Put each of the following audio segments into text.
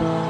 Bye.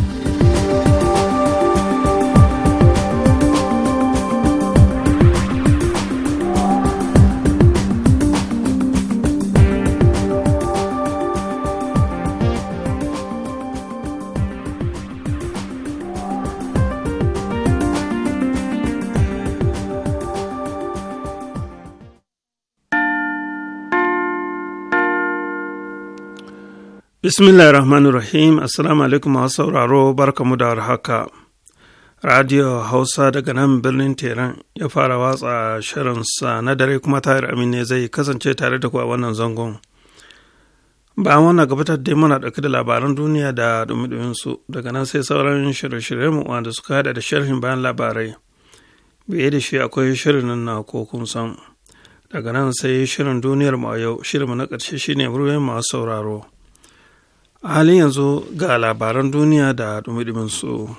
Bismillah rahim Assalamu alaikum masu sauraro barkamu da warhaka. Radio Hausa daga nan birnin Teran ya fara watsa shirinsa na dare kuma tare amin zai kasance tare da ku a wannan zangon. Ba wannan gabatar da muna ɗauki da labaran duniya da dumi su daga nan sai sauran shirye-shirye mu wanda suka hada da sharhin bayan labarai. Biye da shi akwai shirin nan na ko kun san. Daga nan sai shirin duniyar mu a yau shirin na ƙarshe shine ruwan masu sauraro. halin yanzu ga labaran duniya da dumi su.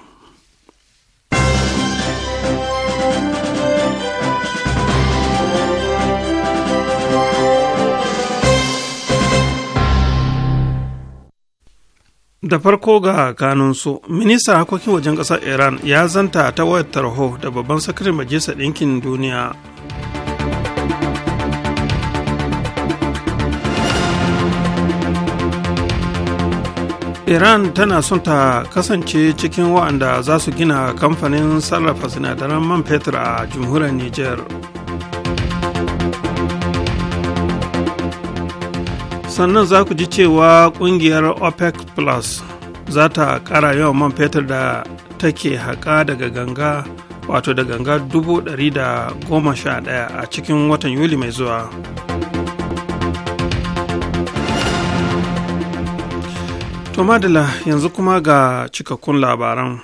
da farko ga kanunsu ministan harkokin wajen ƙasar iran ya zanta ta wayar tarho da babban sakirin majalisar ɗinkin duniya iran tana son ta kasance cikin wa'anda za su gina kamfanin sarrafa sinadaran man fetur a jamhuriyar niger sannan za ku ji cewa ƙungiyar opec plus za ta kara yawan man fetur da take haƙa daga ganga wato da ganga 111 a cikin watan yuli mai zuwa. To madala yanzu kuma ga cikakkun labaran.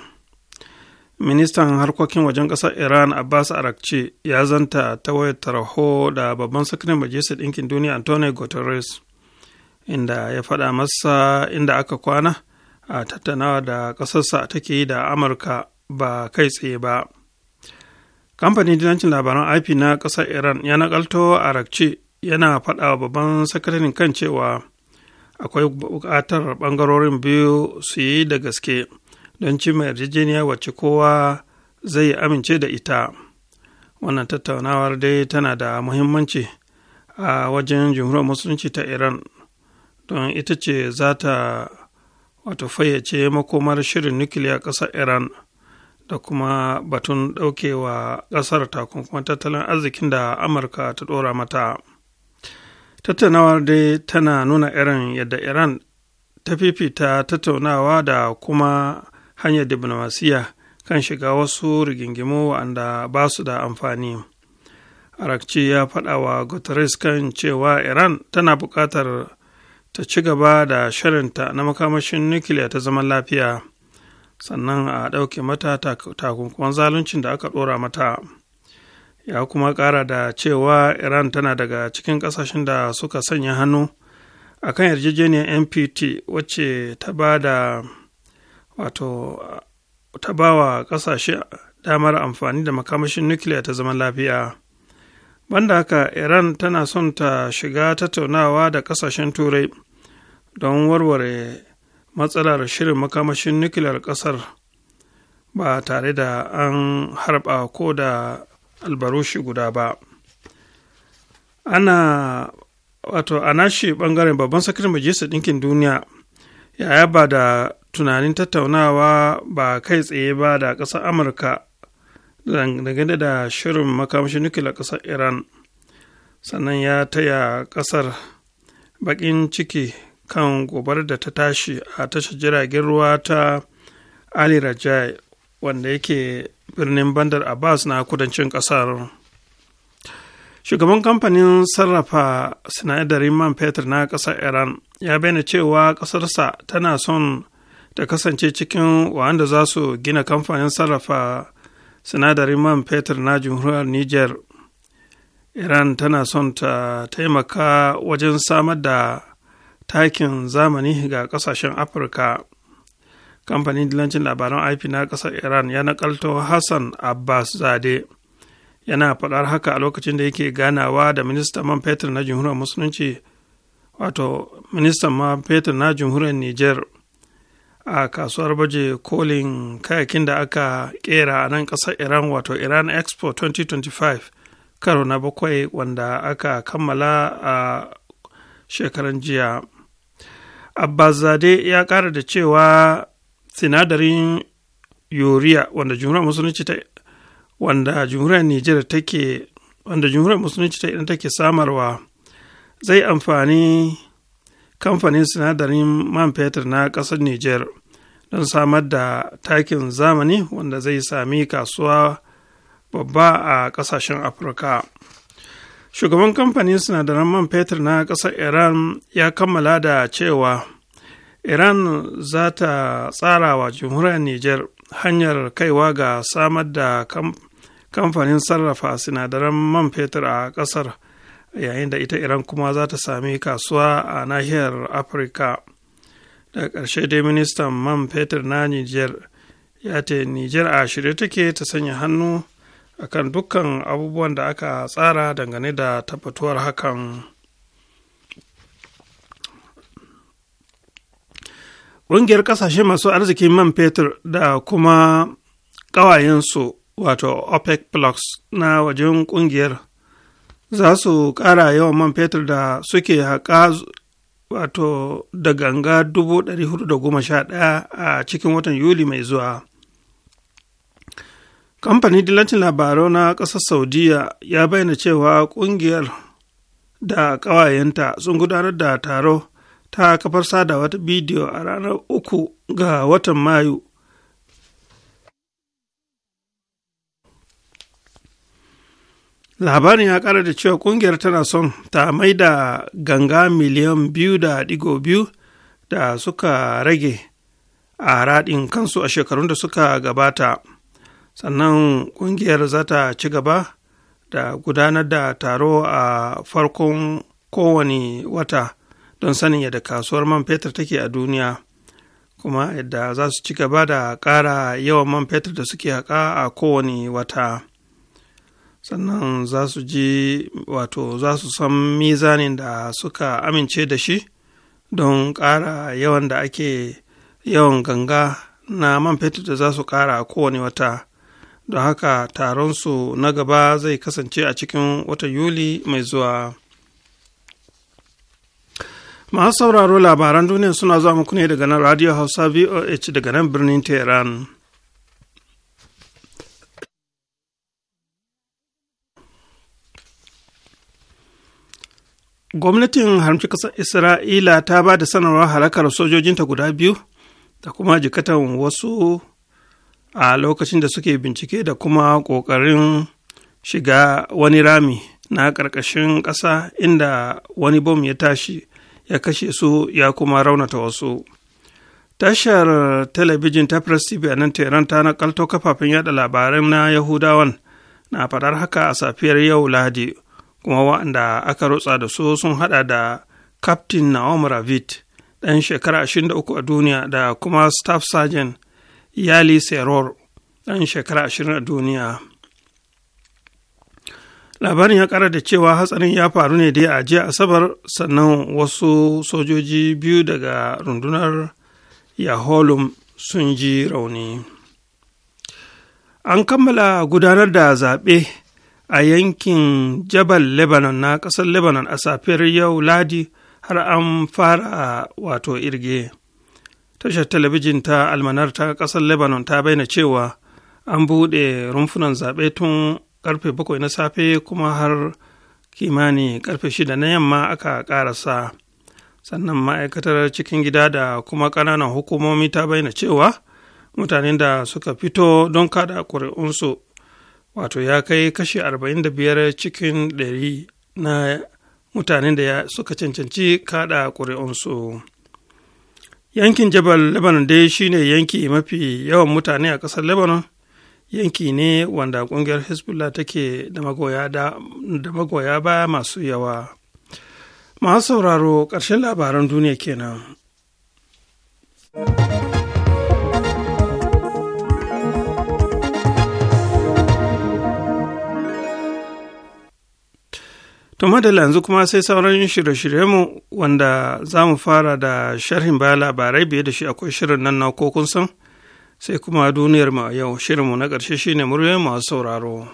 Ministan harkokin wajen ƙasar Iran Abbas Arakce ya zanta ta wayar taraho da babban sakirin majalisar ɗinkin duniya Antonio Guterres inda ya faɗa masa inda aka kwana a tattanawa da ƙasarsa take yi da Amurka ba kai tsaye ba. Kamfanin dinancin labaran IP na ƙasar Iran ya nakalto Arakce yana faɗa babban sakirin kan cewa akwai buƙatar ɓangarorin biyu su yi da gaske don cimma yarjejeniya wacce kowa zai amince da ita wannan tattaunawar dai tana da muhimmanci a wajen jumhuriyar musulunci ta iran don ita ce za ta wato fayyace makomar shirin nukiliya ƙasar iran da kuma batun ɗaukewa ƙasar takunkuma tattalin arzikin da amurka ta ɗora mata tattaunawar dai tana nuna irin yadda iran ta fifita tattaunawa da kuma hanyar diplomasiya kan shiga wasu rigingimu wanda ba su da amfani arakci ya faɗa wa guterres kan cewa iran tana bukatar ta ci gaba da shirinta na makamashin nukiliya ta zaman lafiya sannan a ɗauke mata takunkuman zaluncin da aka ɗora mata. ya kuma ƙara da cewa iran tana daga cikin ƙasashen da suka sanya hannu a kan yarjejeniyar npt wacce ta ba da wato ta ba wa ƙasashe damar amfani da makamashin nukiliya ta zaman lafiya banda haka iran tana son ta shiga tattaunawa da ƙasashen turai don warware matsalar shirin makamashin nukiliyar ƙasar ba tare da an harba ko da albarushi guda ba ana wato a nashi bangaren babban sakirin majalisar ɗinkin duniya ya yaba da tunanin tattaunawa ba kai tsaye ba da ƙasar amurka dangane da shirin makamashin nukila ƙasar iran sannan ya taya ƙasar baƙin ciki kan gobar da ta tashi a tashar jiragen ruwa ta ali rajai wanda yake birnin bandar abbas na kudancin kasar. shugaban kamfanin sarrafa sinadarin man fetur na kasar iran ya bayyana cewa kasarsa tana son ta kasance cikin wanda za su gina kamfanin sarrafa sinadarin man fetur na jamhuriyar niger iran tana son ta taimaka wajen samar da takin zamani ga kasashen afirka kamfanin dilancin labaran ip na ƙasar iran ya nakalto hassan abbas zade yana faɗar haka a lokacin da yake ganawa da ministan man fetur na jamhuriyar musulunci wato ministan man fetur na jamhuriyar niger a kasuwar baje kolin kayakin da aka kera a nan ƙasar iran wato iran expo 2025 karo na bakwai wanda aka kammala a shekaran jiya Abbas abbas-zade ya kara da cewa sinadarin yuriya wanda jumhuriyar musulunci ta wanda jumhuriyar Nijar take wanda jumhuriyar musulunci ta idan take samarwa zai amfani kamfanin sinadarin man fetur na ƙasar Nijar don samar da takin zamani wanda zai sami kasuwa babba a ƙasashen Afirka. Shugaban kamfanin sinadaran man fetur na ƙasar Iran ya kammala da cewa iran za ta tsara wa jamhuriyar niger hanyar kaiwa ga samar da kamfanin sarrafa sinadaran man fetur a ƙasar yayin da ita iran kuma za ta sami kasuwa a nahiyar afirka daga ƙarshe dai ministan man fetur na Nijar ya ce niger a shirye take ta sanya hannu akan dukkan abubuwan da aka tsara dangane da tabbatuwar hakan. ƙungiyar ƙasashe masu arzikin man fetur da kuma ƙawayensu wato opec plus na wajen ƙungiyar za su ƙara yawan man fetur da suke haƙa wato da ganga 411 a cikin watan yuli mai zuwa kamfanin dilancin labarau na ƙasar saudiya ya bayyana cewa ƙungiyar da ƙawayenta sun gudanar da taro ta kafar sada wata bidiyo a ranar uku ga watan mayu labarin ya kara da cewa kungiyar tana son ta mai da ganga miliyan biyu da digo biyu da suka rage a raɗin kansu a shekarun da suka gabata sannan kungiyar za ta ci gaba da gudanar da taro a farkon kowane wata don sanin yadda kasuwar man fetur take a duniya kuma yadda za su ci gaba da ƙara yawan man fetur da suke haƙa a kowane wata sannan za su ji wato za su san mizanin da suka amince da shi don ƙara yawan da ake yawan ganga na man fetur da za su ƙara a kowane wata don haka taron su na gaba zai kasance a cikin watan yuli mai zuwa masu sauraro labaran duniya suna zuwa muku ne daga nan radio hausa voh daga nan birnin tehran gwamnatin haramci ƙasar isra'ila ta ba da sanarwar halakar sojojinta guda biyu da kuma jikatan wasu a lokacin da suke bincike da kuma ƙoƙarin shiga wani rami na ƙarƙashin ƙasa inda wani bom ya tashi ya kashe su ya kuma raunata wasu tashar talabijin ta press tv a nan Tehran ta nakalto kafafen yada labarai na yahudawan na faɗar haka a safiyar yau lahadi kuma waɗanda aka rutsa da su sun haɗa da captain Naomi ravit ɗan shekara 23 a duniya da kuma staff sergeant yali seror ɗan shekara 20 a duniya labarin ya kara da cewa hatsarin ya faru ne dai a jiya asabar sannan wasu sojoji biyu daga rundunar yaholum sun ji rauni an kammala gudanar da zaɓe a yankin jabal lebanon na ƙasar lebanon a safiyar yau ladi har an fara wato irge tashar talabijin ta almanar ta ƙasar lebanon ta bayyana cewa an buɗe rumfunan zaɓe tun karfe bakwai na safe kuma har kimani karfe shida na yamma aka karasa sannan ma'aikatar cikin gida da kuma ƙananan hukumomi ta bayyana cewa mutanen da suka fito don kada ƙuri'unsu wato ya kai kashi 45 cikin 100 na mutanen da suka cancanci kada ƙuri'unsu yankin jabal lebanon dai shine yanki mafi yawan mutane a ƙasar lebanon yanki ne wanda ƙungiyar hezbollah take da magoya baya masu yawa masu sauraro ƙarshen labaran duniya kenan. To da yanzu kuma sai sauran shirye mu wanda za mu fara da sharhin baya labarai biye da shi akwai shirin nan na ko kun san sai kuma duniyar ma yau shirinmu na ƙarshe shine muryoyin masu sauraro.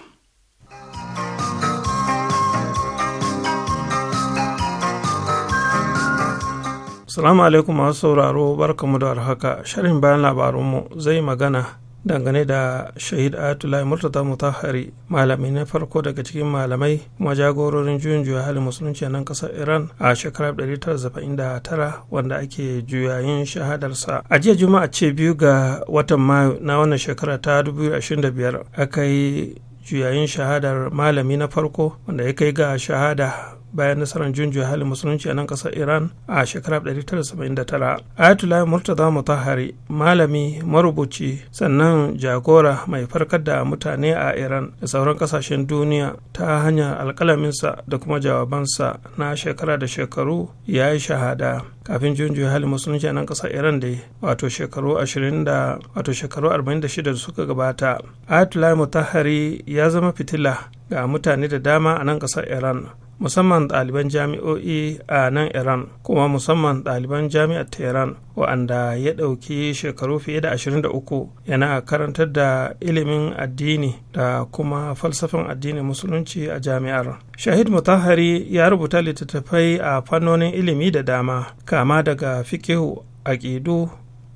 Salamu alaikum masu sauraro barkamu da warhaka shirin bayan labarunmu zai magana dangane da shahid atulai murtata mutahari malami na farko daga cikin malamai kuma jagororin juyin juya halin musulunci a nan kasar iran a shekarar 1979 wanda ake juyayin shahadarsa a jiya juma'a ce biyu ga watan mayu na wannan shekara ta 2025 aka yi juyayin shahadar malami na farko wanda ya kai ga shahada bayan nasarar junjo halin musulunci a nan kasar iran a shekarar 1979 ayatollah murtaza mutahari malami marubuci sannan jagora mai farkar da mutane a iran da sauran kasashen duniya ta hanyar alkalaminsa da kuma jawabansa na shekara da shekaru ya yi shahada kafin junjo halin musulunci a nan kasar iran da wato shekaru 20 wato shekaru 46 da suka gabata ayatollah mutahari ya zama fitila ga mutane da dama a nan kasar iran musamman ɗaliban jami'o'i a nan iran kuma musamman ɗaliban jami'ar tehran wa'anda ya ɗauki shekaru fiye da 23 yana karantar da ilimin addini da kuma falsafin addinin musulunci a jami'ar shahid mutahari ya rubuta littattafai a fannonin ilimi da dama kama daga fikihu aƙidu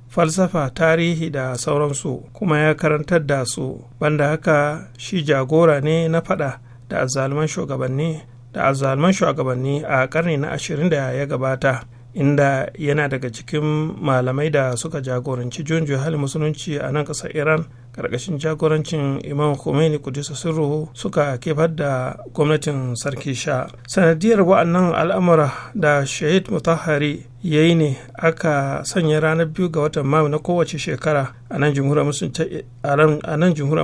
falsafa tarihi da sauransu kuma ya karantar da su banda haka shi jagora ne na faɗa da azzaluman shugabanni da azalman shugabanni a karni na ashirin da ya gabata inda yana daga cikin malamai da suka jagoranci junjo hali musulunci a nan ƙasar iran ƙarƙashin jagorancin imam khomeini kudisa sirru suka kefar da gwamnatin sarki sha sanadiyar wa'annan al'amura da shahid mutahari ya yi ne aka sanya ranar biyu ga watan mayu na kowace shekara a nan jamhuriyar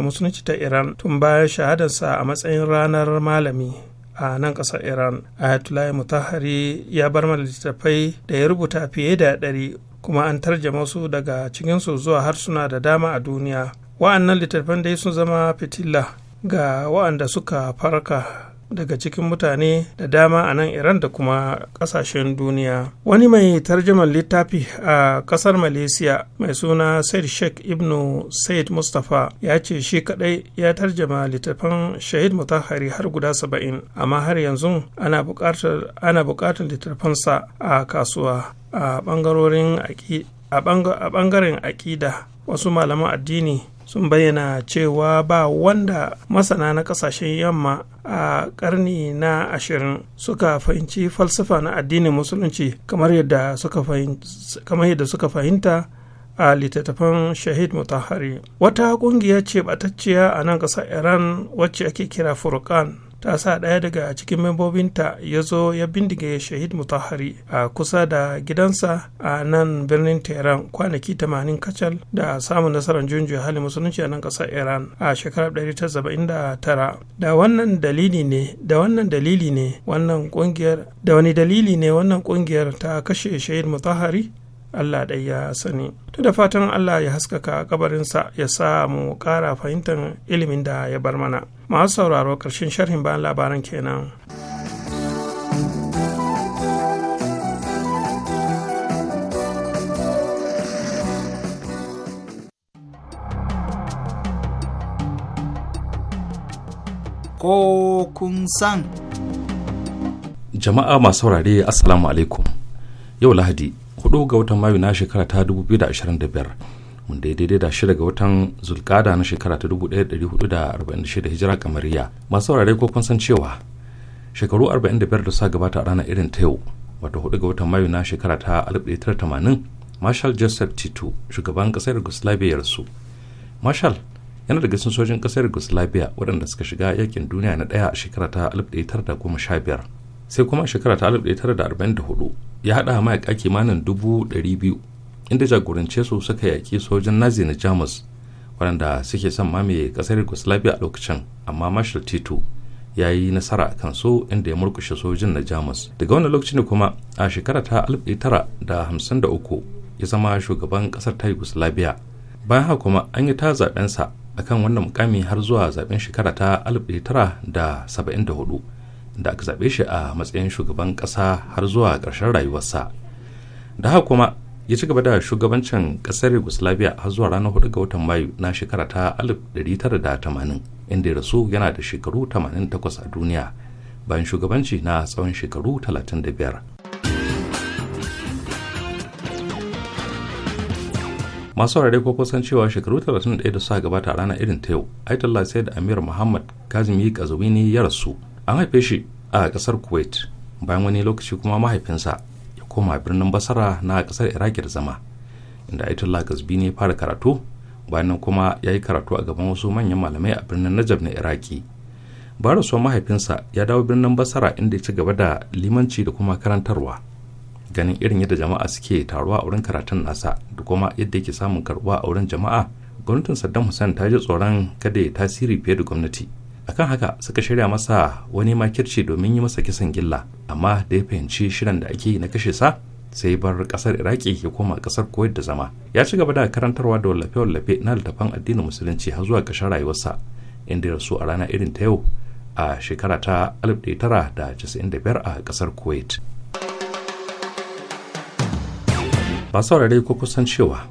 musulunci ta iran tun bayan shahadarsa a matsayin ranar malami a nan ƙasar iran ayatollah mutahari ya bar mana littattafai da ya rubuta fiye da ɗari kuma an tarjama su daga cikinsu zuwa harsuna da dama a duniya wa'annan littattafan dai sun zama fitila ga wa'anda suka farka daga cikin mutane da dama a nan iran da kuma kasashen duniya wani mai tarjaman littafi a kasar malaysia mai suna said sheikh ibnu said mustapha ya ce shi kadai ya tarjama littafan shahid mutahari har guda saba'in amma har yanzu ana bukatar littafansa a kasuwa a bangaren aƙida wasu malaman addini sun bayyana cewa ba wanda masana na kasashen yamma a karni na ashirin suka fahimci falsafa na addinin musulunci kamar yadda suka fahimta a littattafan shahid mutahari wata kungiya ce batacciya a nan kasa iran wacce ake kira furqan ta sa ɗaya daga cikin membobinta ya zo ya bindige shahid mutahari a kusa da gidansa a nan birnin tehran kwanaki tamanin kacal da samun nasarar junju hali musulunci a nan ƙasar iran a shekarar 1979 da wannan dalili ne da wannan da wani dalili ne wannan ƙungiyar ta kashe shahid mutahari Allah ɗai ya sani. To da fatan Allah ya haskaka kabarinsa ya sa mu ƙara fahimtar ilimin da ya bar mana. Masu sauraro ƙarshen sharhin bayan labaran kenan. Ko kun san. Jama'a masu saurare Assalamu alaikum. Yau Lahadi 4 ga watan mayu na shekara ta 2025 wanda ya daidai da shida ga watan zulkada na shekara ta 1446 hijira kamariya masu wurare ko kun san cewa shekaru 45 da sa gabata a ranar irin ta yau wata 4 ga watan mayu na shekara ta 1980 marshal joseph tito shugaban kasar yugoslavia ya rasu marshal yana daga cikin sojin kasar yugoslavia waɗanda suka shiga yakin duniya na daya a shekara ta 1915 sai kuma shekara ta 1944 ya haɗa mayaƙa kimanin dubu ɗari biyu inda jagorance su suka yaƙi sojan nazi na jamus waɗanda suke son mamaye ƙasar yugoslavia a lokacin amma marshal tito ya yi nasara a su inda ya murkushe sojin na jamus daga wani lokaci ne kuma a shekara ta 1953 ya zama shugaban ƙasar ta yugoslavia bayan haka kuma an yi ta zaɓensa akan wannan mukami har zuwa zaɓen shekara ta 1974 da aka zaɓe shi a matsayin shugaban ƙasa har zuwa ƙarshen rayuwarsa da haka kuma ya ci gaba da shugabancin ƙasar yugoslavia har zuwa ranar 4 ga watan mayu na shekara ta 1980 inda ya rasu yana da shekaru 88 a duniya bayan shugabanci na tsawon shekaru 35 masu rarrai ko kusan cewa shekaru 31 da suka gabata a ranar irin ta yau aitala sai da amir muhammad kazimi ne ya rasu an haife shi a kasar kuwait bayan wani lokaci kuma mahaifinsa ya koma birnin basara na kasar iraki da zama inda aitullah gazbi ne fara karatu bayan nan kuma ya yi karatu a gaban wasu manyan malamai a birnin najab na iraki bayan rasuwar mahaifinsa ya dawo birnin basara inda ya ci gaba da limanci da kuma karantarwa ganin irin yadda jama'a suke taruwa a wurin karatun nasa da kuma yadda yake samun karbuwa a wurin jama'a gwamnatin saddam hussein ta ji tsoron kada ya tasiri fiye da gwamnati akan haka suka shirya masa wani makirci domin yi masa kisan gilla amma da ya fahimci shirin da ake na kashe sa sai bar kasar iraki ya koma kasar koyar da zama ya ci gaba da karantarwa da wallafe-wallafe na littafan addinin musulunci har zuwa ƙarshen rayuwarsa inda ya rasu a rana irin ta yau a shekara ta 1995 a kasar kuwait ba saurare ko kusan cewa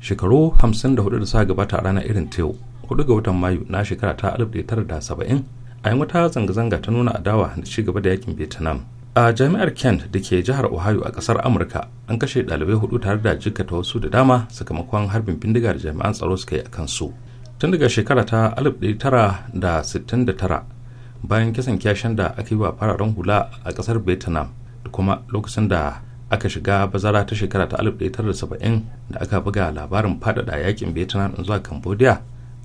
shekaru 54 da suka gabata a ranar irin ta yau 4 ga watan mayu na shekara ta 1970 a yi wata zanga-zanga ta nuna adawa da ci gaba da yakin vietnam a jami'ar kent da ke jihar ohio a kasar amurka an kashe ɗalibai hudu tare da jikkata wasu da dama sakamakon harbin bindiga bindigar jami'an tsaro suka yi a kansu tun daga shekara ta 1969 bayan kisan kyashen da aka yi wa fararen hula a kasar vietnam da kuma lokacin da aka shiga bazara ta shekara ta 1970 da aka buga labarin faɗaɗa yakin vietnam zuwa cambodia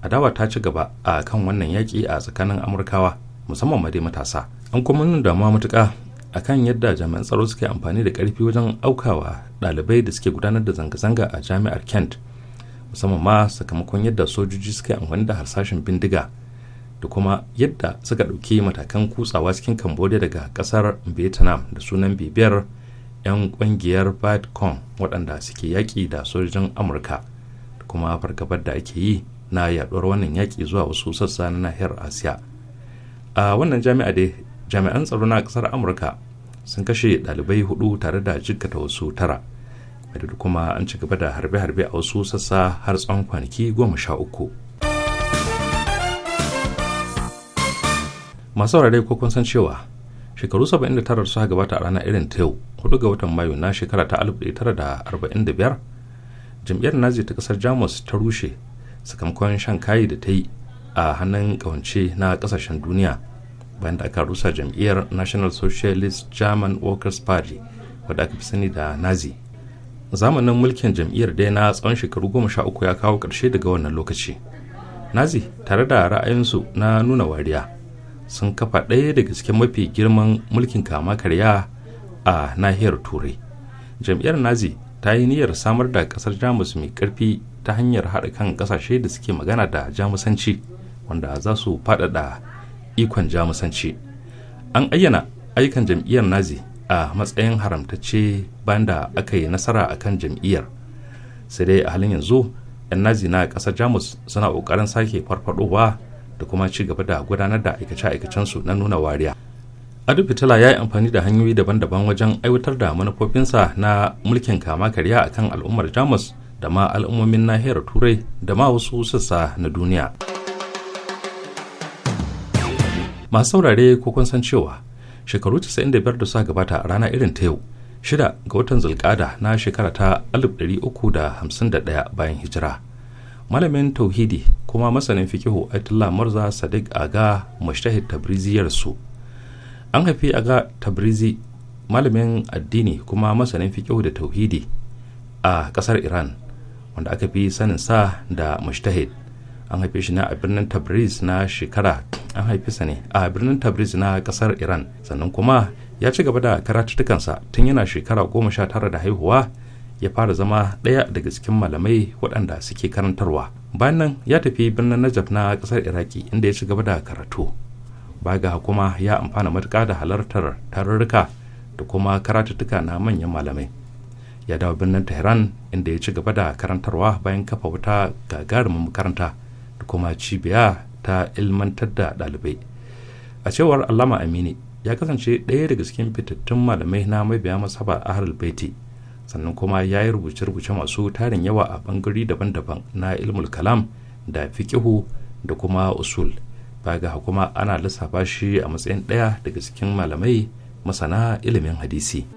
adawa ta ci gaba a kan wannan yaƙi a tsakanin amurkawa musamman ma dai matasa an kuma nuna damuwa matuka a kan yadda jami'an tsaro suke amfani da ƙarfi wajen aukawa ɗalibai da suke gudanar da zanga-zanga a jami'ar kent musamman ma sakamakon yadda sojoji suke amfani da harsashin bindiga da kuma yadda suka ɗauki matakan kutsawa cikin cambodia daga ƙasar vietnam da sunan bibiyar 'yan ƙungiyar badcom waɗanda suke yaƙi da sojojin amurka da kuma fargabar da ake yi na yaɗuwar wannan yaƙi zuwa wasu sassa na nahiyar asiya a wannan jami'a dai jami'an tsaro na ƙasar amurka sun kashe ɗalibai hudu tare da jikkata wasu tara da kuma an ci gaba da harbe-harbe a wasu sassa har tsawon kwanaki goma sha uku. masu rarrai ko san cewa shekaru 79 su gabata a ranar irin ta yau 4 ga watan mayu na shekara ta 1945 jam'iyyar nazi ta kasar jamus ta rushe sakamakon shan kayi da ta yi a hannun kawance na kasashen duniya bayan da aka rusa jam'iyyar national socialist german workers party wadda aka fi sani da nazi zamanin mulkin jam'iyyar dai na tsawon shekaru goma sha uku ya kawo ƙarshe daga wannan lokaci nazi tare da ra'ayinsu na nuna wariya sun kafa ɗaya daga cikin mafi girman mulkin kama karya a nahiyar turai jam'iyyar nazi ta yi niyyar samar da ƙasar jamus mai ƙarfi ta hanyar haɗa kan ƙasashe da suke magana da jamusanci wanda za su faɗaɗa ikon jamusanci an ayyana ayyukan jam'iyyar nazi a matsayin haramtacce bayan da aka yi nasara a kan jam'iyyar sai dai a halin yanzu 'yan nazi na ƙasar jamus suna ƙoƙarin sake farfaɗowa da kuma ci gaba da gudanar da aikace-aikacensu na nuna wariya adu fitila ya yi amfani da hanyoyi daban-daban wajen aiwatar da manufofinsa na mulkin kama karya akan al'ummar jamus da ma al'ummomin nahiyar turai da ma wasu sassa na duniya masu saurare ko kun san cewa shekaru 95 da suka gabata a rana irin ta yau shida ga watan zulkada na shekara ta 1351 bayan hijira malamin tauhidi kuma masanin fikihu Atullah Murza Sadiq Aga Mushtahid Tabrizi yarsu an haifi Aga Tabrizi malamin addini kuma masanin fikihu da tauhidi a ƙasar Iran wanda aka fi sanin sa da mushtahid an haife shi ne a birnin tabriz na shekara an haife sa ne a birnin tabriz na kasar iran sannan kuma ya ci gaba da karatuttukansa tun yana shekara goma sha tara da haihuwa ya fara zama ɗaya daga cikin malamai waɗanda suke karantarwa bayan nan ya tafi birnin najaf na kasar iraki inda ya ci gaba da karatu ba ga kuma ya amfana matuƙa da halartar tarurruka da kuma karatuttuka na manyan malamai ya dawo birnin tehran inda ya ci gaba da karantarwa bayan kafa wata gagarumin makaranta da kuma cibiya ta ilmantar da ɗalibai a cewar allama amini ya kasance ɗaya daga cikin fitattun malamai na mabiya masaba a baiti sannan kuma ya yi rubuce-rubuce masu tarin yawa a bangare daban-daban na ilmul kalam da fikihu da kuma usul baga kuma ana lissafa shi a matsayin ɗaya daga cikin malamai masana ilimin hadisi.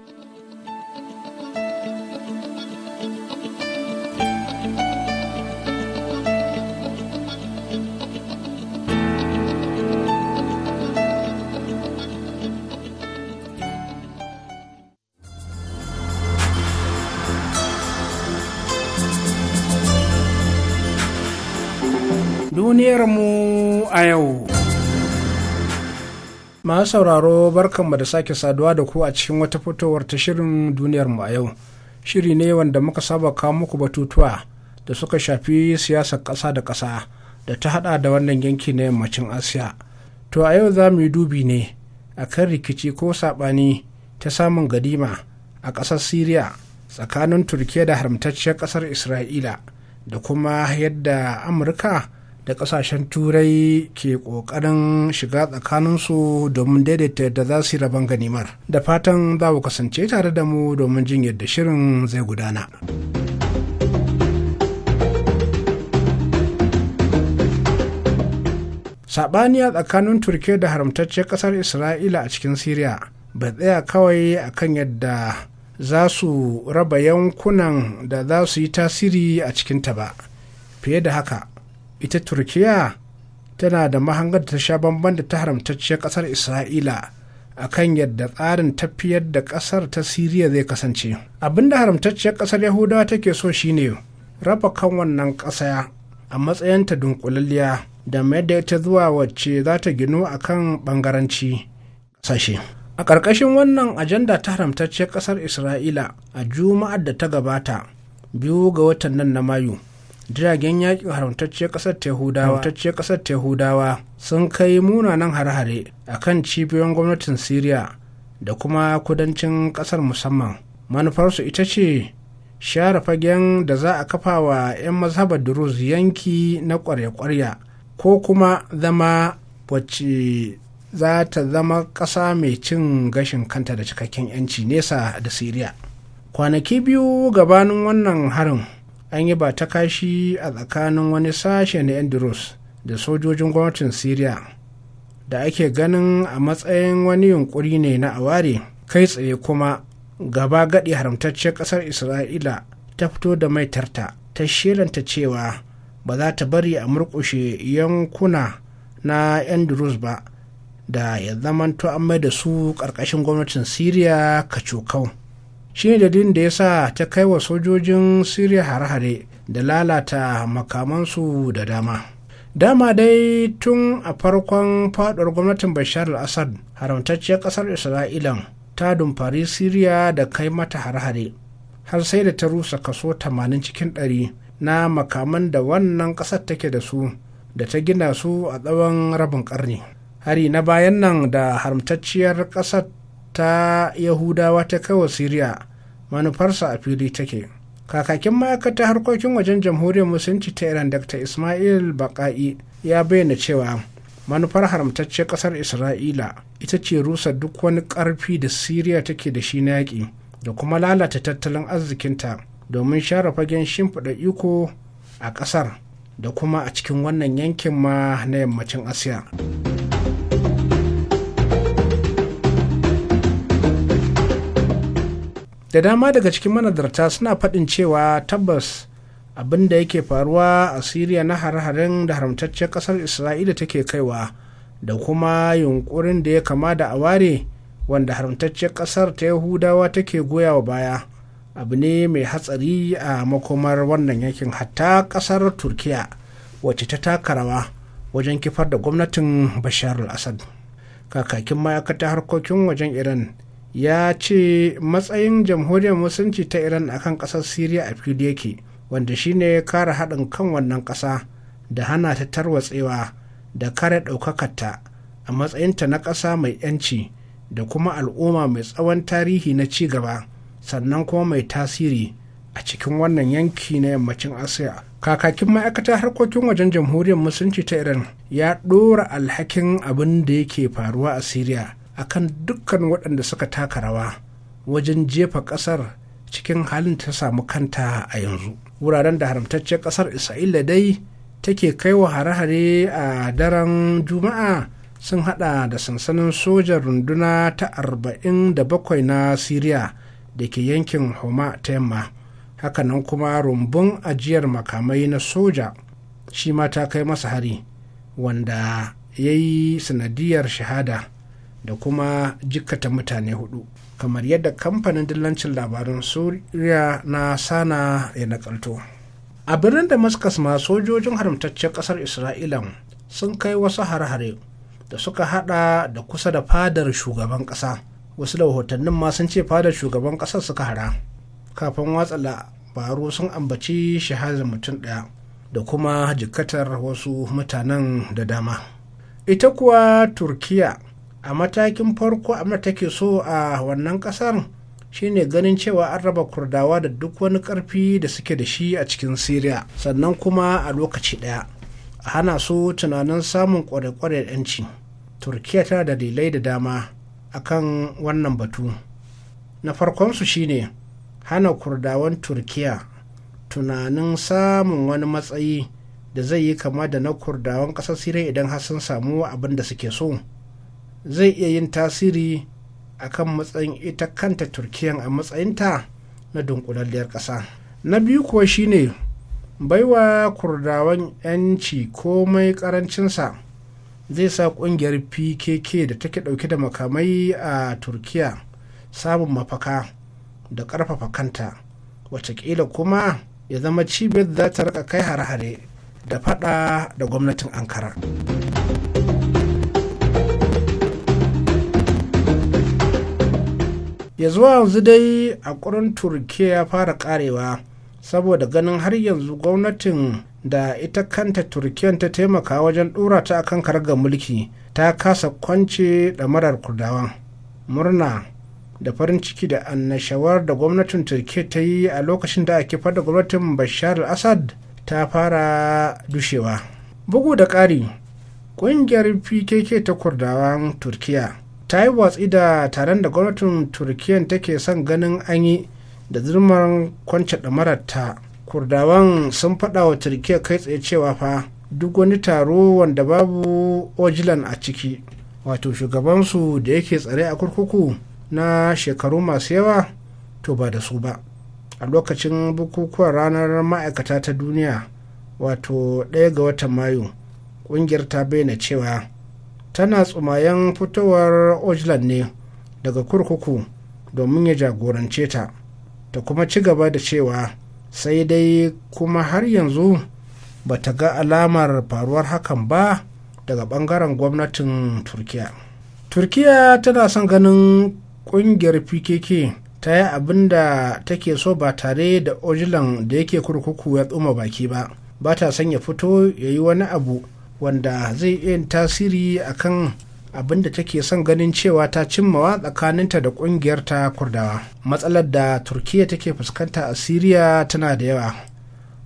a yau. Masu sauraro barkanmu da sake saduwa da ku a cikin wata fitowar ta shirin duniyarmu a yau. Shiri ne wanda muka saba kawo muku batutuwa da suka shafi siyasar ƙasa da ƙasa da ta haɗa da wannan yanki na yammacin Asiya. To a yau za mu yi dubi ne a kan rikici ko saɓani ta samun gadima a ƙasar Siriya tsakanin Turkiyya da haramtacciyar ƙasar Isra'ila da kuma yadda Amurka da kasashen turai ke kokarin shiga tsakaninsu domin daidaita da za su yi rabon ganimar da fatan za ku kasance tare da mu domin jin yadda shirin zai gudana saɓaniya tsakanin turkiyya da haramtaccen kasar isra'ila a cikin syria bai tsaya kawai akan yadda za su raba yankunan da za su yi tasiri a cikinta ba fiye da haka ita turkiya tana da mahangar ta sha bamban da ta haramtacciyar ƙasar isra'ila a kan yadda tsarin tafiyar da ƙasar ta siriya zai kasance abin da haramtacciyar ƙasar yahudawa take so shine raba kan wannan ƙasa a matsayinta dunkulalliya da mayar da ita zuwa wacce za ta ginu a kan ɓangaranci sashe a ƙarƙashin wannan ajanda ta haramtacciyar ƙasar isra'ila a juma'ar da ta gabata biyu ga watan nan na mayu jiragen yaƙin haramtacciyar ƙasar Tehudawa sun kai munanan hare-hare a kan cibiyoyin gwamnatin Siriya da kuma kudancin ƙasar musamman manufarsu ita ce share fagen da za a kafa wa 'yan mazhabar durus yanki na kwarya ƙwarya ko kuma zama wacce za ta zama ƙasa mai cin gashin kanta da cikakken 'yanci nesa da siriya kwanaki biyu gabanin wannan harin an yi ba ta kashi a tsakanin wani sashe na andros da sojojin gwamnatin syria da ake ganin a matsayin wani yunkuri ne na aware kai tsaye kuma gaba gaɗi haramtacciyar ƙasar isra'ila ta fito da maitarta ta shelanta cewa ba za ta bari a murƙushe yankuna na andros ba da ya zamanto an mai da su ƙarƙashin gwamnatin syria kacokau Shi shine dalilin da ya sa ta kai wa sojojin siriya hare-hare da lalata makamansu da dama dama dai tun a farkon faduwar gwamnatin bashar al-assad haramtacciyar kasar isra'ilan ta dumfari siriya da kai mata hare-hare har sai da ta rusa kaso 80 cikin 100 na makaman da wannan kasar take da su da ta gina su a tsawon rabin karni hari na bayan nan da haramtacciyar kasar ta yahudawa ta kai wa siriya manufarsa a fili take kakakin ma'aikatar harkokin wajen jamhuriyar musulunci ta iran dr ismail baka'i ya bayyana cewa manufar haramtacce kasar isra'ila ita ce rusa duk wani karfi da siriya take da shi na yaƙi da kuma lalata tattalin arzikinta domin share fagen shimfiɗa iko a ƙasar da kuma a cikin wannan yankin ma na yammacin asiya. da dama daga cikin manazarta suna faɗin cewa tabbas abin da yake faruwa a siriya na har-haren da haramtaccen ƙasar isra'ila take kaiwa da kuma yunkurin da ya kama da aware wanda haramtaccen ƙasar ta yahudawa take goya wa baya abu ne mai hatsari a makomar wannan yankin hatta ƙasar turkiya wacce ta taka rawa wajen kifar da gwamnatin bashar al-assad kakakin ta harkokin wajen iran ya ce matsayin jamhuriyar musulunci ta iran a kan ƙasar syria a fili yake wanda shine kare haɗin kan wannan ƙasa da hana ta tarwatsewa da kare ɗaukakarta a matsayinta na ƙasa mai 'yanci da kuma al'umma mai tsawon tarihi na ci gaba sannan kuma mai tasiri a cikin wannan yanki na yammacin asiya kakakin ma'aikatar harkokin wajen jamhuriyar musulunci ta iran ya ɗora alhakin abin da yake faruwa a syria akan dukkan waɗanda suka taka rawa wajen jefa ƙasar cikin halin ta samu kanta a yanzu wuraren da haramtaccen ƙasar isra'ila dai take kai wa hare-hare a daren juma'a sun hada da sansanin sojan runduna ta arba'in da bakwai na siriya da ke yankin homa ta yamma hakanan kuma rumbun ajiyar makamai na soja shi ma ta kai masa hari wanda ya yi sanadiyar shahada da kuma jikkata mutane hudu kamar yadda kamfanin dillancin labarun suriya na sana ya nakalto a birnin damascus ma sojojin haramtaccen kasar isra'ila sun kai wasu hare-hare da suka hada da kusa da fadar shugaban kasa wasu da hotannin ma sun ce fadar shugaban kasar suka hara kafin watsa labaru sun ambaci shahadar mutum daya da kuma jikatar wasu mutanen da dama ita kuwa turkiya a matakin farko abin da take so a wannan kasar shine ganin cewa an raba kurdawa da duk wani karfi da suke da shi a cikin syria sannan kuma a lokaci daya a hana su tunanin samun kware-kware yanci turkiya ta dalilai da dama akan wannan batu na farkonsu shine hana kurdawan turkiya tunanin samun wani matsayi da zai yi kama da na kurdawan ƙasar siriya idan har sun samu abin da suke so zai iya yin tasiri a kan matsayin ita kanta turkiyan a matsayinta na dunkulalliyar ƙasa na biyu kuwa shine baiwa kurdawan 'yanci komai ƙarancinsa zai sa ƙungiyar pkk da take ɗauke da makamai a turkiya samun mafaka da ƙarfafa kanta watakila kuma ya zama cibiyar za ta rika kai hare-hare da fada da gwamnatin ankara. ya zuwa yanzu dai a ƙurin turkiya ya fara karewa saboda ganin har yanzu gwamnatin da ita kanta turkiyan ta taimaka wajen ɗora ta akan kargar mulki ta kasa kwance ɗamarar kurdawan murna da farin ciki da annashawar da gwamnatin turkiya ta yi a lokacin da ake fada gwamnatin bashar al-assad ta fara dushewa bugu da ƙari ƙungiyar pkk ta kurdawan turkiya ta yi watsi da taron da gwamnatin turkiyyar take son ganin an yi da zurmar kwance ta, kurdawan sun faɗa wa turkiyya kai tsaye cewa fa duk wani taro wanda babu ojilan a ciki wato shugabansu da yake tsare a kurkuku na shekaru masu yawa to ba da su ba a lokacin bukukuwan ranar ma'aikata ta duniya wato ɗaya ga watan mayu ƙungiyar ta bayyana cewa tana tsumayen fitowar ojlan ne daga kurkuku domin ya jagorance ta ta kuma ci gaba da cewa sai dai kuma har yanzu ba ta ga alamar faruwar hakan ba daga bangaren gwamnatin turkiya turkiya tana son ganin kungiyar pkk ta yi abin da take so ba tare da ojilan da yake kurkuku ya tsuma baki ba ba ta son ya fito ya yi wani abu wanda zai iya tasiri akan abin da take son ganin cewa ta cimmawa tsakaninta da kungiyar ta kurdawa matsalar da turkiya take fuskanta a siriya tana da yawa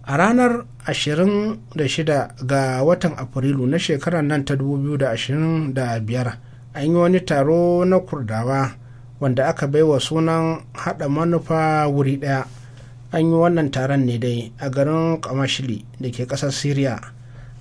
a ranar 26 ga watan afrilu na shekarar nan ta 2025 an yi wani taro na kurdawa wanda aka baiwa sunan hada manufa wuri daya an yi wannan taron ne dai a garin kamashili da ke kasar siriya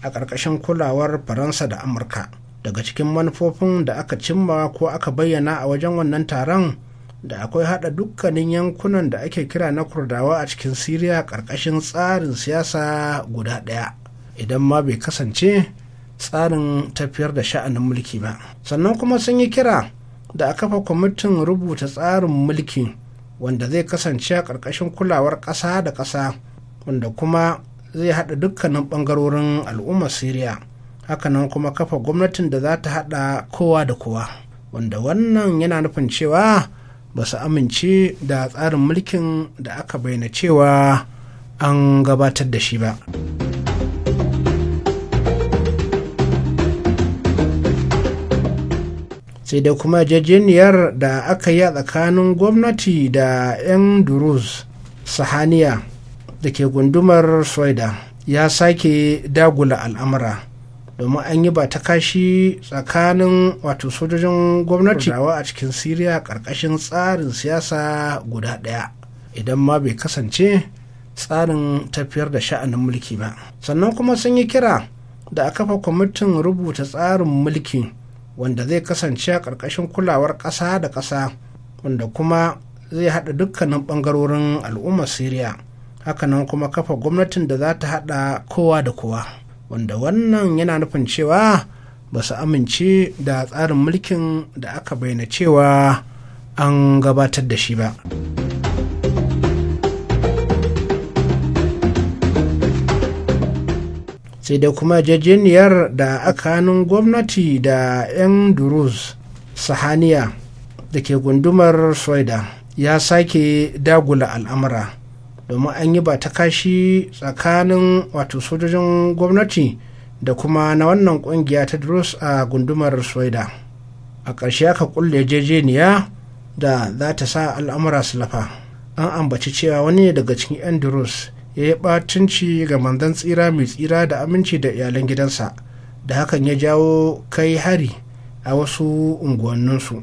a ƙarƙashin kulawar faransa da amurka daga cikin manufofin da aka cimma ko aka bayyana a wajen wannan taron da akwai hada dukkanin yankunan da ake kira na kurdawa a cikin siriya ƙarƙashin tsarin siyasa guda ɗaya idan ma bai kasance tsarin tafiyar da sha'anin mulki ba sannan kuma sun yi kira da a kafa kwamitin rubuta tsarin mulki wanda zai kasance a ƙarƙashin kulawar ƙasa da ƙasa wanda kuma zai haɗa dukkanin ɓangarorin al'ummar syria hakanan kuma kafa gwamnatin da za ta haɗa kowa da kowa wanda wannan yana nufin cewa ba su amince da tsarin mulkin da aka bayyana cewa an gabatar da shi ba. sai da kuma yarjejeniyar da aka yi a tsakanin gwamnati da 'yan durus sahaniya da ke gundumar soida ya sake dagula al'amura domin an yi ba ta kashi tsakanin wato sojojin gwamnati a cikin siriya ƙarƙashin tsarin siyasa guda ɗaya idan ma bai kasance tsarin tafiyar da sha'anin mulki ba sannan kuma sun yi kira da a kafa kwamitin rubuta tsarin mulki wanda zai kasance a ƙarƙashin kulawar ƙasa da ƙasa wanda kuma zai haɗa dukkanin ɓangarorin al'ummar siriya hakanan kuma kafa gwamnatin da za ta haɗa kowa da kowa wanda wannan yana nufin cewa ba su amince da tsarin mulkin da aka bayyana cewa an gabatar da shi ba. sai dai kuma jajeniyar da aka hannun gwamnati da 'yan Duruz sahaniya da ke gundumar soida ya sake dagula al'amura domin an yi ba ta kashi tsakanin wato sojojin gwamnati da kuma na wannan kungiya ta drus a gundumar soida a ƙarshe aka kulle jejeniya da za ta sa al'amura su lafa an ambaci cewa wani ne daga cikin 'yan drus ya yi ɓatunci ga mandan tsira mai tsira da aminci da iyalan gidansa da hakan ya jawo kai hari a wasu unguwanninsu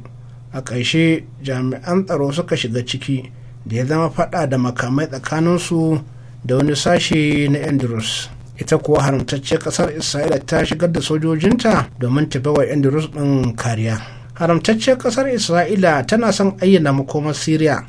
a ƙarshe jami'an tsaro suka shiga ciki da ya zama fada da makamai tsakaninsu da wani sashe na andrews ita kuwa haramtacce kasar isra'ila ta shigar da sojojinta domin tafi wa andrews din kariya haramtacce kasar isra'ila tana son ayyana makomar Siriya.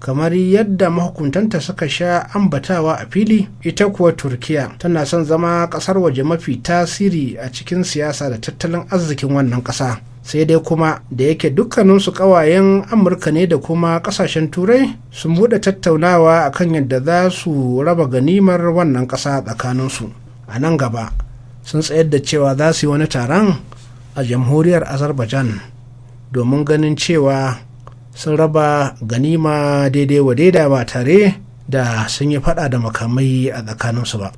kamar yadda mahukuntanta suka sha ambatawa a fili ita kuwa turkiya tana son zama kasar waje mafi tasiri a cikin siyasa da tattalin arzikin wannan kasa sai dai kuma da yake dukkaninsu ƙawayen amurka ne da kuma kasashen turai sun buɗe tattaunawa a kan yadda za su raba ganimar wannan ƙasa tsakaninsu a nan gaba sun tsayar da cewa za su yi wani taron a jamhuriyar azerbaijan domin ganin cewa sun raba ganima daidai wa daidai ba tare da sun yi fada da makamai a tsakaninsu ba.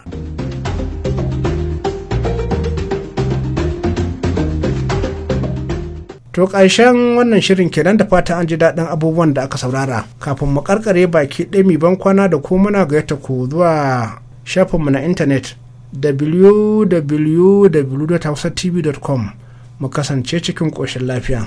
To ƙarshen wannan shirin kenan da fata an ji daɗin abubuwan da aka saurara. Kafin mu karkare baki ɗami ban kwana da ko muna gayyata ku zuwa shafinmu na intanet www.tv.com mu kasance cikin ƙoshin lafiya.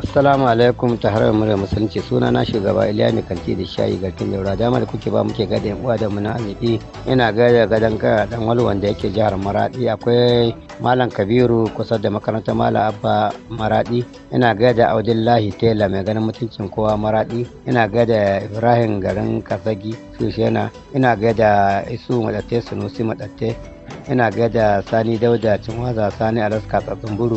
assalamu alaikum ta harar murya musulunci suna na shugaba iliya mai kanti da shayi garkin daura dama da kuke ba muke gada uwa da mu na arziki ina gada gadon dan wani wanda yake jihar maradi akwai malam kabiru kusa da makarantar malam abba maradi ina gada audillahi tela mai ganin mutuncin kowa maradi ina gada ibrahim garin kasagi shushena ina gada isu madatte sunusi madatte ina gada sani dauda cinwaza sani alaska tsatsun buru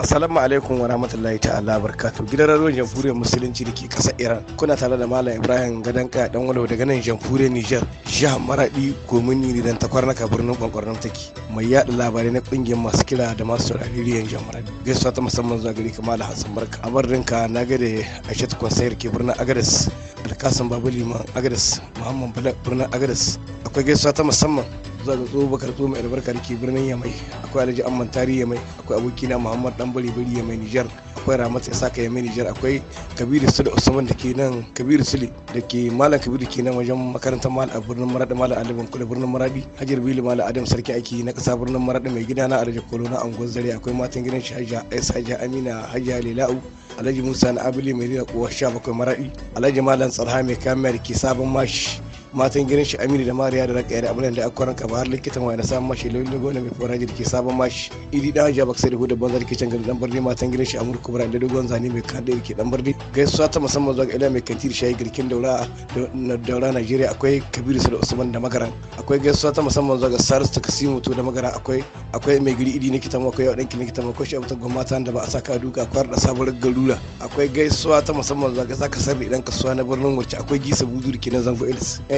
Assalamu alaikum wa rahmatullahi ta'ala barkatu. Gidan radio Jamhuriyar Musulunci da ke ƙasar Iran. Kuna tare da Malam Ibrahim Gadanka dan walau daga nan Jamhuriyar Niger. Jihar Maradi Gomini ne dan takwar birnin Kwankwarnan take. Mai yaɗa labarai na ƙungiyar masu kila da masu saurari riyan Jamhuriyar. Gaisuwa ta musamman zuwa gari kamar Hassan Barka. A na gade Aisha Kwansayar ke birnin Agadez. alkasan babu liman agres muhammad bala birnin agres akwai gaisuwa ta musamman zuwa ga tsoho bakar tsoho mai albarka da ke birnin yamai akwai alhaji amman tari yamai akwai abokina muhammad dan bari bari yamai nijar akwai ramat ya saka yamai nijar akwai kabiru sule usman da ke nan kabiru sule da ke malam kabiru ke nan wajen makarantar mal a birnin maradi malam alibin kula birnin maradi hajar bili malam adam sarki aiki na kasa birnin maradi mai gida na alhaji kolo na angon zare akwai matan gidan shi hajja aisa hajja amina hajja lela'u alhaji musa na abili mai rira kowa sha bakwai maradi alhaji malam tsarha mai kamar ke sabon mashi matan gidan shi aminu da mariya da raka da abin da akwaran ka ba har likitan wani samun mashi lullu na mai fara da ke sabon mashi idi dan hajjaba sai da hudu da ke can gari dan birni matan gidan shi amur kubra da dogon zane mai kan da yake dan birni gaisuwa ta musamman zuwa ga ila mai kanti da shayi girkin daura na daura najeriya akwai kabiru da usman da magaran akwai gaisuwa ta musamman zuwa ga salisu ta kasimu to da magaran akwai akwai mai giri idi na kitan akwai yau danki na kitan akwai shi abuta gwamnati da ba a saka duka akwai da sabuwar garura akwai gaisuwa ta musamman zuwa ga zaka sarri idan kasuwa na birnin wacce akwai gisa buzu da zango ilis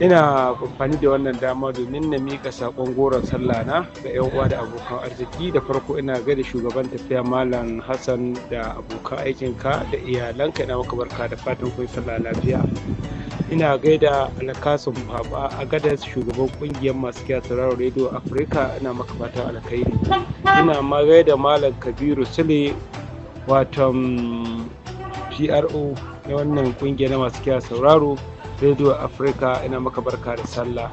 ina amfani da wannan dama domin na mika sakon goron sallah na ga yan uwa da abokan arziki da farko ina gaida shugaban tafiya malam hassan da abokan aikinka da iyalanka ina maka barka da fatan kun sallah lafiya ina gaida alakasun baba a gada shugaban kungiyar masu kiya sauraro radio afirka ina maka fatan alkhairi ina ma gaida malam kabiru sule watan pro na wannan kungiyar masu kiya sauraro radio africa ina maka barka da sallah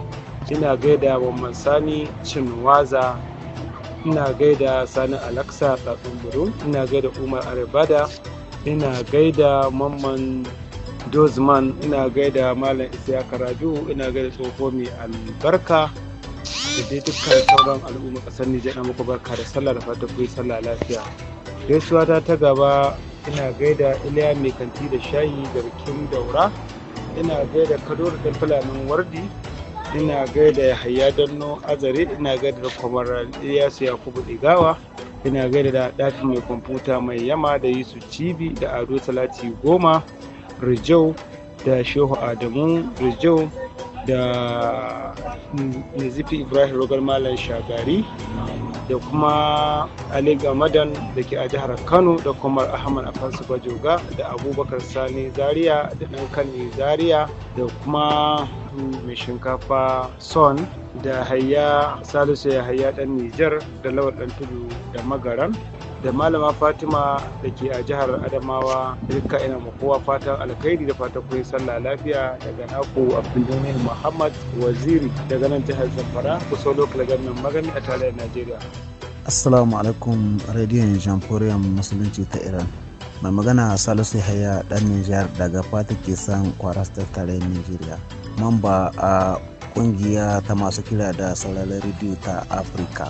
ina gaida mansani sani cinwaza ina gaida sani alaksa tsatsun buru ina gaida umar arabada ina gaida mamman dozman ina gaida malam isiyaka raju ina gaida tsoho mai albarka da dai dukkan sauran al'umma kasar nijar na muku barka da sallah da fata kuyi sallah lafiya gaisuwa ta ta gaba ina gaida iliya mai kanti da shayi da bikin daura ina gaida kadoro da fulanin wardi ina gaida hayya danno azare ina gaida da kwamar iyasu yakubu digawa ina gaida da dafin mai kwamfuta mai yama da yusu cibi da ado talati goma rijau da shehu adamu rijau da nizifi ibrahim rogar malam shagari da kuma ali gamadan da ke a jihar kano da kuma ahmad afansu bajoga da abubakar sani zaria da dan Kanni zaria da kuma mai shinkafa son da hayya salisu ya hayya dan nijar da lawal dan tudu da magaran da malama fatima da ke a jihar adamawa duka ina ma kowa fatan alkhairi da fatan kun sallah lafiya daga naku abdulmumin muhammad waziri daga nan jihar zamfara kusa lokal gannan magani a tarayyar najeriya assalamu alaikum radiyon jamhuriyar musulunci ta iran mai magana salisu haya dan nijar daga fata ke san kwaras ta tarayyar nijeriya mamba a kungiya ta masu kira da sauraron rediyo ta afirka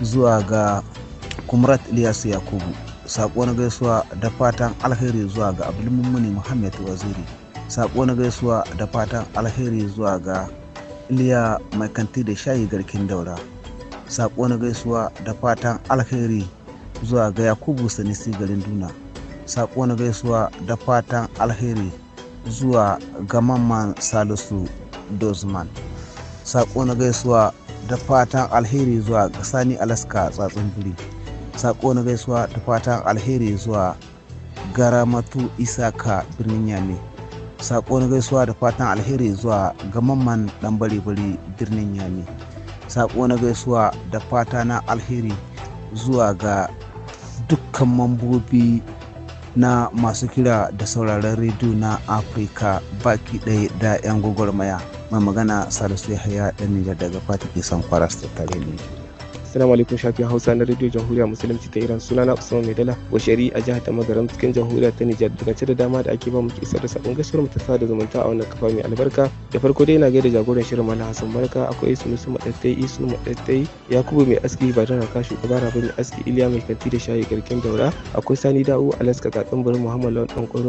zuwa ga kumrat Ilyasu Yakubu. Saƙon gaisuwa da fatan alheri zuwa ga Abdulmumuni muhammed Waziri. Saƙon gaisuwa da fatan alheri zuwa ga Iliya Mai Kanti da Shayi Garkin Daura. Saƙon gaisuwa da fatan alheri zuwa ga Yakubu Sanisi garin Duna. Saƙon gaisuwa da fatan alheri zuwa ga Mamman Salisu Dozman. Saƙon gaisuwa da fatan alheri zuwa ga sani alaska tsatsin biri sako na gaisuwa da fatan alheri zuwa garamatu isaka birnin yame sako na gaisuwa da fatan alheri zuwa ga dan bari-bari birnin yame sako na gaisuwa da fata na alheri zuwa ga dukkan mambobi na masu kira da sauraron rediyo na afirka baki ɗaya da 'yan gwagwarmaya mai magana salisu haya ɗan nijar daga fata ke son kwaras da tare ne Assalamu alaikum shafi Hausa na Radio Jamhuriya Musulunci ta Iran sunana Usman Maidala Bashari a jihar ta Magaram cikin jamhuriyar ta Nijar daga ce da dama da ake ba mu isar da sabon gaskiyar mu ta sada zumunta a wannan kafa mai albarka da farko dai ina gaida jagoran shirin Malam Hassan Barka akwai Sunusu Madattai Isu Madattai Yakubu mai aski ba da raka shi gaba mai aski Iliya mai kanti da shayi garkin daura akwai Sani Da'u Alaska Katsin Burin Muhammad Lawan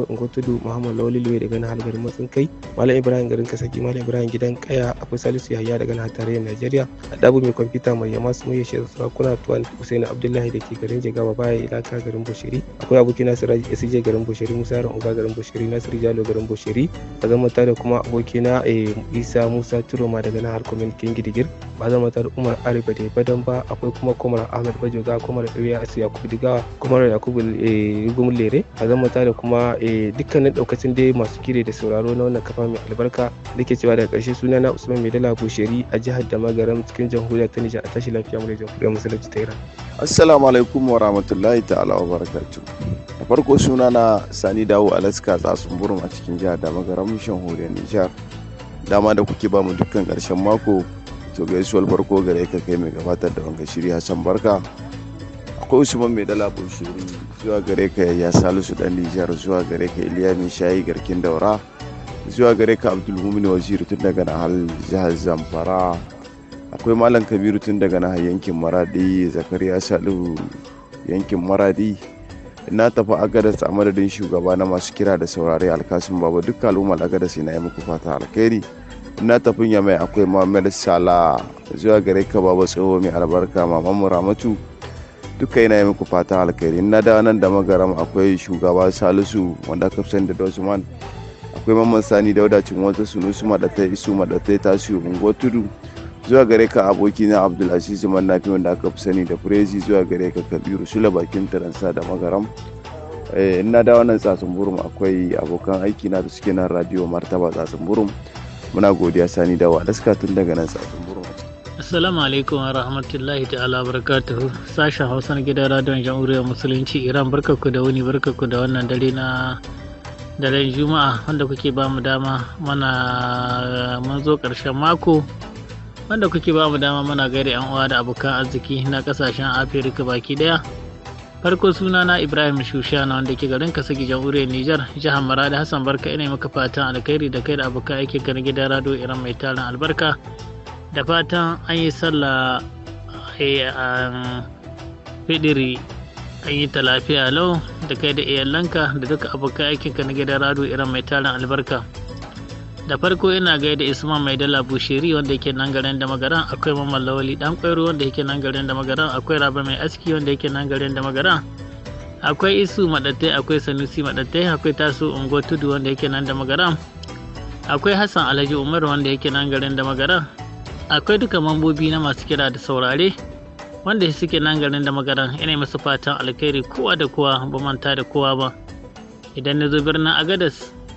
in gotudu Muhammad Lawal Luwe daga nan garin Matsin Kai Malam Ibrahim garin Kasaki Malam Ibrahim gidan Kaya akwai Salisu Yahaya daga nan tarayyar Najeriya dabu mai kwamfuta mai yama su mai bashir sarakuna tuwan husaini abdullahi da ke garin jigawa baya ilaka garin bushiri akwai abokina siraj sj garin bushiri musa yaron uba garin bushiri nasir jalo garin bushiri ba zama ta da kuma abokina eh, isa musa turoma daga nahar kwamin king gidigir ba zama ta da umar arifa da badan ba akwai kuma kwamar ahmed bajoga Komar ɗariya asu yakubu digawa kwamar yakubu rigum eh, lere ba zama ta da kuma eh, dukkanin ɗaukacin dai masu kire da sauraro na wannan kafa mai albarka da ke cewa daga ƙarshe sunana usman maidala bushiri a jihar damagaram cikin jamhuriyar ta nijar a tashi lafiya mu jamhuriyar musulunci ta iran assalamu alaikum wa rahmatullahi ta'ala wa barakatu da farko suna na sani dawo alaska tsatsun burum a cikin jihar da magaramin shanhuriyar nijar dama da kuke ba mu dukkan karshen mako to gaisuwar farko gare ka kai mai gabatar da wanga shiri hassan barka akwai usman mai dala bushiri zuwa gare ka ya salisu dan nijar zuwa gare ka iliya mai shayi garkin daura zuwa gare ka abdulmumin waziri tun daga hal jihar zamfara akwai malam kabiru tun daga na yankin maradi zakariya salihu yankin maradi na tafi agadas a madadin shugaba na masu kira da saurare alkasun baba duk al'ummar agadas na yi muku fata alkhairi na tafi ya mai akwai muhammad sala zuwa gare ka baba tsoho mai albarka maman mu ramatu duka yana yi muku fata alkhairi na da nan da magaram akwai shugaba salisu wanda aka fi da dosman akwai mamman sani da wadacin wata sunusu madatai isu madatai tasiri unguwar tudu zuwa gare ka aboki na abdulaziz mannafi wanda aka fi sani da firezi zuwa gare ka kabiru shula bakin taransa da magaram eh, ina da wannan tsatsun burum akwai abokan aiki na da suke nan radio martaba tsatsun burum muna godiya sani da daska tun daga nan tsatsun burum Assalamu alaikum wa rahmatullahi ta'ala barakatuhu sashen Hausa na gidan radon jamhuriyar musulunci Iran barkaku da wuni barkaku da wannan dare na daren Juma'a wanda kuke bamu dama mana mun zo ƙarshen mako wanda kuke ba mu dama muna gaida yan uwa da abokan arziki na kasashen afirka baki daya farko suna na ibrahim shushana wanda ke garin kasa jamhuriyar nijar jihar maradi hassan barka ina maka fatan alkhairi da kai da abokan aiki garin gidan rado iran mai tarin albarka da fatan an yi sallah eh, a fidiri an yi ta lafiya lau da kai da iyalanka da duka abokan aikinka na gidan rado iran mai tarin albarka da farko ina gaida isma Mai Dala Bushiri wanda yake nan garin da magaran akwai Mamman Lawali Dan Kwairo wanda yake nan garin da magaran akwai Raba Mai Aski wanda yake nan garin da magaran akwai Isu Madattai akwai Sanusi Madattai akwai Tasu Ungo Tudu wanda yake nan da magaran akwai Hassan Alhaji Umar wanda yake nan garin da magaran akwai duka mambobi na masu kira da saurare wanda suke nan garin da magaran ina masu fatan alkhairi kowa da kowa ba manta da kowa ba idan na zo birnin agadas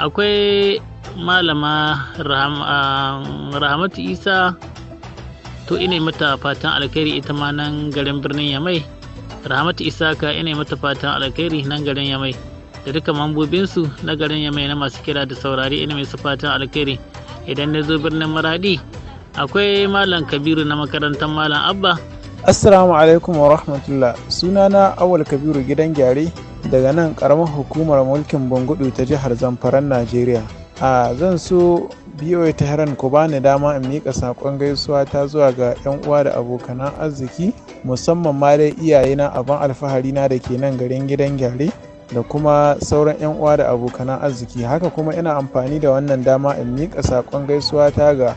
akwai malama ah, rahamatu isa to ina mata fatan alkhairi ita ma nan garin birnin yamai rahamatu isa ka ina mata fatan alkhairi nan garin yamai da duka mambobinsu na garin yamai na masu kira da saurari ina mai su fatan alkhairi idan na zo birnin maradi akwai malam kabiru na makarantar malam abba assalamu alaikum wa rahmatullah sunana awal kabiru gidan gyare daga nan karamar hukumar mulkin bangudu ta jihar zamfaran najeriya a zan so biyo ta heran ku bani dama in miƙa saƙon gaisuwa ta zuwa ga 'yan uwa da abokanan arziki musamman ma dai iyayena abin alfahari na da ke nan garin gidan gyare da kuma sauran 'yan uwa da abokanan arziki haka kuma ina amfani da wannan dama in miƙa saƙon gaisuwa ta ga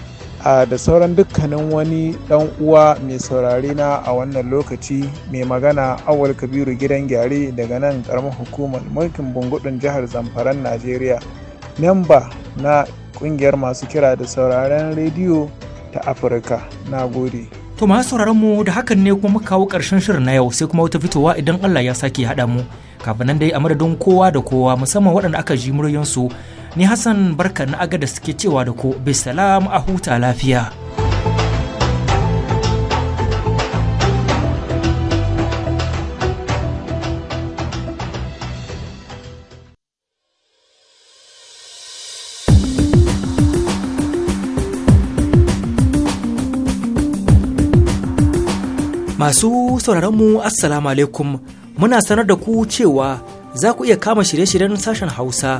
da sauran dukkanin wani dan uwa mai saurari na a wannan lokaci mai magana awal kabiru gidan gyare daga nan karamar hukumar mulkin bungudun jihar zamfaran najeriya memba na kungiyar masu kira da sauraren rediyo ta afirka na gode to masu sauraron mu da hakan ne kuma kawo karshen shirin na yau sai kuma wata fitowa idan allah ya sake haɗa mu kafin nan dai a madadin kowa da kowa musamman waɗanda aka ji muryansu ni Hassan barka na agada suke cewa da ku bisalam a huta lafiya. Masu sauraronmu Assalamu alaikum muna sanar da ku cewa za ku iya kama shirye-shiryen sashen Hausa